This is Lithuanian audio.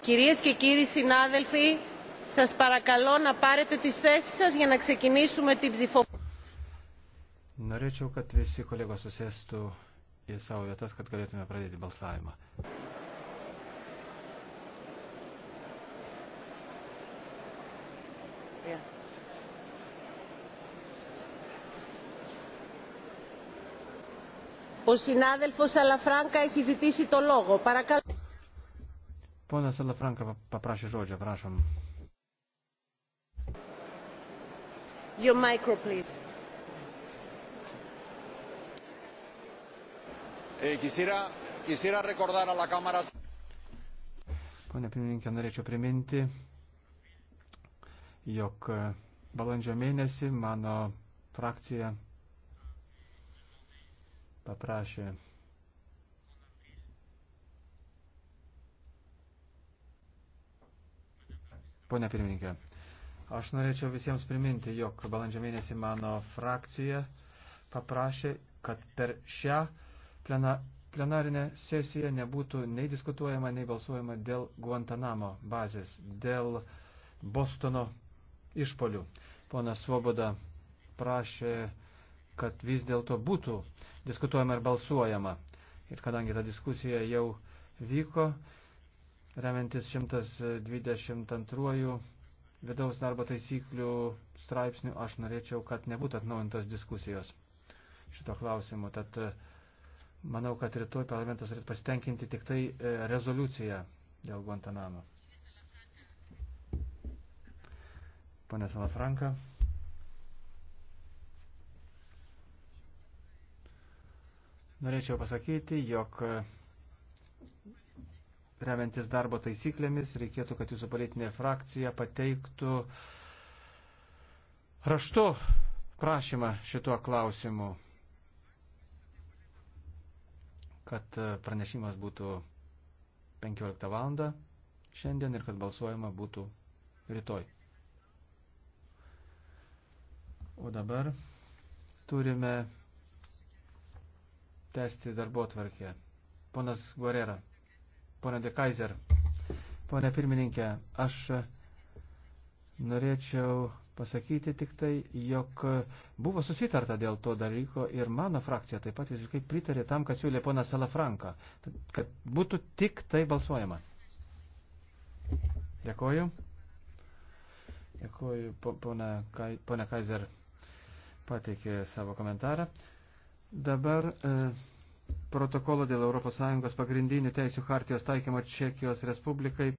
Κυρίες και κύριοι συνάδελφοι, σας παρακαλώ να πάρετε τις θέσεις σας για να ξεκινήσουμε την ψηφοφορία. Norėčiau, kad visi kolegos susėstų į savo vietas, kad galėtume pradėti balsavimą. Yeah. Ο συνάδελφος Αλαφράγκα έχει ζητήσει το λόγο. Παρακαλώ. Ponas Alafranka paprašė žodžio, prašom. Your micro, please. Eh, quisiera, quisiera recordar a la Cámara... Pone pirmininkė, norėčiau priminti, jog eh, balandžio mėnesį mano frakcija paprašė Pone pirmininkė, aš norėčiau visiems priminti, jog balandžio mėnesį mano frakcija paprašė, kad per šią plena, plenarinę sesiją nebūtų nei diskutuojama, nei balsuojama dėl Guantanamo bazės, dėl Bostono išpolių. Ponas Svoboda prašė kad vis dėlto būtų diskutuojama ir balsuojama. Ir kadangi ta diskusija jau vyko, remiantis 122 vidaus darbo taisyklių straipsnių, aš norėčiau, kad nebūtų atnaujintos diskusijos šito klausimu. Tad e, manau, kad rytoj parlamentas turėtų pasitenkinti tik tai e, rezoliuciją dėl Guantanamo. Pane Salafranka. Norėčiau pasakyti, jog remiantis darbo taisyklėmis reikėtų, kad jūsų politinė frakcija pateiktų raštu prašymą šituo klausimu, kad pranešimas būtų 15 val. šiandien ir kad balsuojama būtų rytoj. O dabar turime tęsti darbo tvarkę. Ponas Guerrera, ponė De Kaiser, ponė pirmininkė, aš norėčiau pasakyti tik tai, jog buvo susitarta dėl to dalyko ir mano frakcija taip pat visiškai pritarė tam, kas siūlė ponas Salafranka, kad būtų tik tai balsuojama. Dėkoju. Dėkoju, ponia Kaiser pateikė savo komentarą. Dabar e, protokolo dėl ES pagrindinių teisų hartijos taikymo Čekijos Respublikai